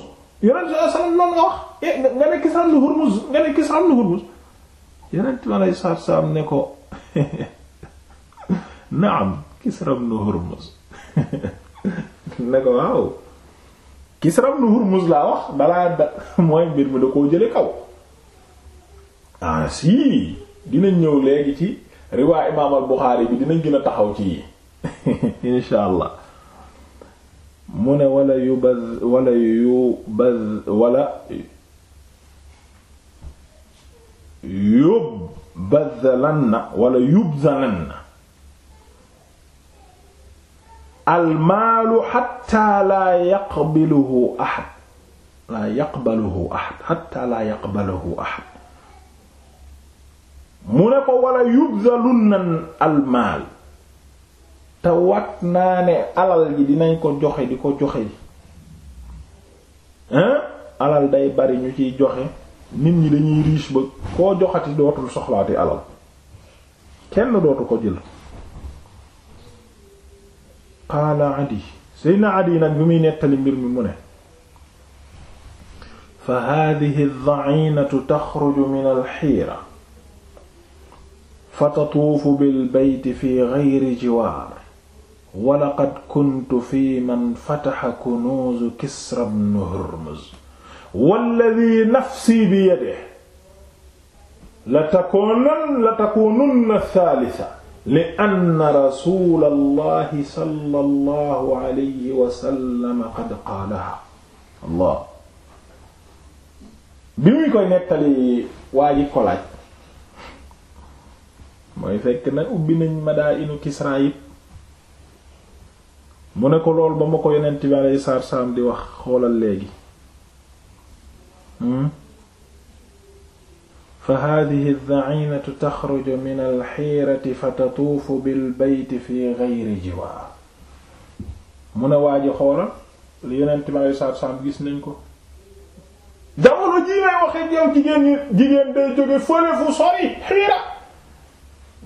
yonent sallallahu alayhi wasallam noonu nga wax eh, nga ne Kisra ibn Hurmuz nga yonent ma lay saab-saab ne ko naam Kisra ibn Hurmuz ne ko waaw Kisra ibn Hurmuz laa wax balaa da mooy mbir mi da koo jële kaw ah si dinañ ñëw léegi ci riwaa imaam al Buxaari bi dinañ gën a taxaw ci yi insha allah mu ne wala yu baz wala yu baz wala yubbazalanna wala yubzalanna almaalu xatta laa yaqbaluhu ahad laa yaqbaluhu ahad xatta laa yaqbaluhu ahad mu ne ko wala yubzalunna almaal te wat naa ne alal ji dinañ ko joxe di ko joxe hein alal day bari ñu ciy joxe nit ñi dañuy riche ba koo joxati dootul soxlaati alal kenn dootu ko jël qaala adi seydna adi nag bi muy nettali mbir mi mu ne fa haadihi dacinatu taxruju min alxiira fa tatuufu bilbeyti fi geyri jiwaar walaqad kuntu fi man fataxa kunuuzu kisra bnu hurmuz walladi nafsi bi yadihi la takuunanna la takuunanna thalitha li anna rasulallahi sallallahu alayhi allah bi muy koy nettali waa ji ko laaj mooy fekk na ubbi nañ madaa'inu Kisra yit mu ne ko lool ba ma ko yonent bi alayhi salaam di wax xoolal léegi fa haadihi daciinatu taxruju min alxiirati fa tatuufu bilbeyti fi geyri jiwaar mu ne waa ji xoolal li yonent bi alei satu salaam gis nañ ko jamono ji lay waxe yow jigéen ñi jigéen day jóge fële fu sori xiira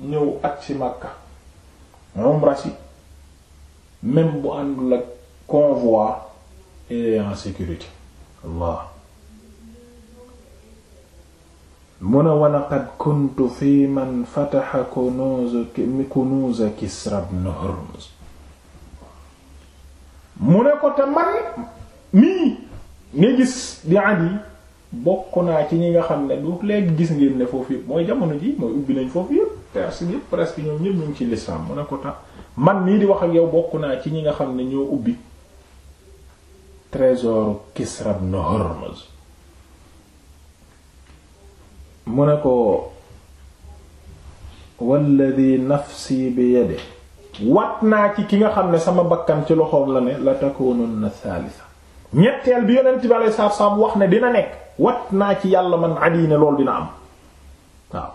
ñëw ak ci Makka umra si même bu àndul ak convoi et en sécurité Allah mu ne walaqad kuntu fi man fataxa kunuuza kunuuza Kisra ibn Hurmuz mu ne ko te man nii nga gis di yi bokk naa ci ñi nga xam ne du léegi gis ngeen ne foofu yëpp mooy jamono ji mooy ubbi nañ foofu yëpp perse yëpp presque ñoom ñëpp ñu ngi ci lislaam mu ne ko tax man nii di wax ak yow bokk naa ci ñi nga xam ne ñoo ubbi trésor Kisra ibn Hurmuz mu ne ko walladi nafsi bi yade wat naa ci ki nga xam ne sama bakkan ci loxoom la ne la takoonunna thalitha ñetteel bi yonent bi alei satu wax ne dina nekk wat naa ci yàlla man adi ne loolu dina am waaw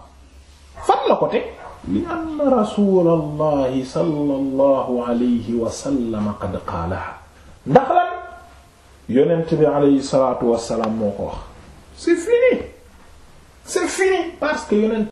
fan la ko teg li anna rasul allahi sallallahu alayhi wa sallam qad qaalaha yonent bi alayhi salatu wasalaam moo ko wax c'est fini c'est fini parce que yonent